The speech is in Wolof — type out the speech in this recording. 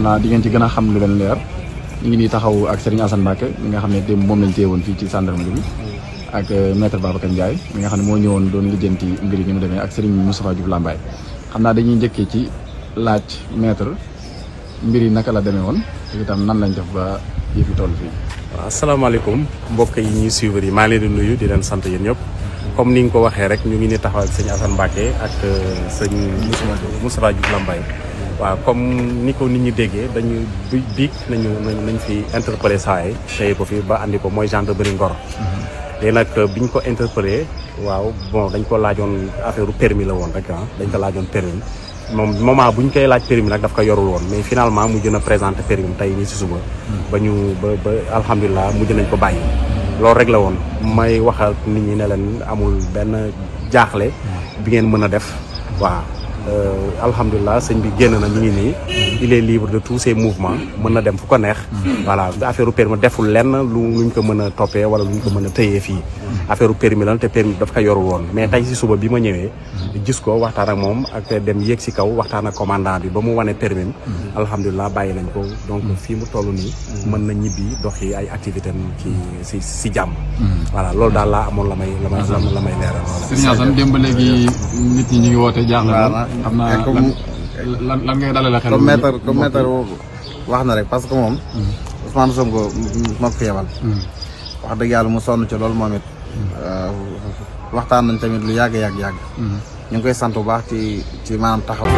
xam naa di ngeen ci gën a xam lu leen leer ñu ngi nii taxaw ak Serigne Assane Mbacke nga xam ne démb moom lañ téye woon fii ci gendarmerie ak euh, maître Babacar Ndiaye mi nga xam ne moo ñëwoon doon lijjanti yi ni mu demee ak Serigne Moustapha Diouf Lambaye xam naa dañuy njëkkee ci laaj maître mbir yi naka la demee woon itam nan lañ def ba yëf toll fii. waaw asalaamaaleykum mbokk yi ñuy suivre maa ngi leen di nuyu di leen sant yéen ñëpp comme ni ko waxee rek ñu ngi ni taxaw ak sëñ ak euh, sëñ Moustapha Diouf waaw comme ni ko nit ñi déggee dañu bi biig nañu nañ fi interpellé saa yi ko fi ba andi ko mooy gendarmerie Ngor de mhm. nag bi ñu ko interpellé waaw bon dañ ko laajoon affaire permis la woon rek ah mhm. dañ ko laajoon permis moom moment bu ñu koy laaj permis nag daf ko yorul woon mais finalement mujj na présenté permis tey nii si suba mhm. ba ñu ba ba alhamdulilah mujj nañ ko bàyyi loolu rek la woon may wax ak nit ñi ne leen amul benn jaaxle bi ngeen mën a def waaw Euh, alhamdulilah sëñ bi génn na mu ngi nii il est libre de tous ses mouvement mën na dem fu ko neex voilà affaire permis deful lenn lu luñ ko mën a toppee wala ñu ko mën a tëyee fii affaire permis lan te permis daf ko yorul woon mais tey si suba bi ma ñëwee gis ko waxtaan ak moom ak dem yéeg si kaw waxtaan ak commandant bi ba mu wanee permis alhamdulilah bàyyi nañ ko donc fii mu toll nii mën na ñibbi doxi ay activité ci si si jàmm hmm. voilà loolu daal laa amoon la may la may la may leeral nit ñi ñu woote jaaxle na xam naa lan lan ngay dalale xel. comme wax na rek parce que moom. Hmm. Ousmane Sonko moo yebal. Hmm. wax dëgg yàlla mu sonn ci loolu moom hmm. euh, waxtaan nañ tamit lu yàgg yàgg yàgg. ñu ngi koy sant bu baax ci ci maanaam taxaw.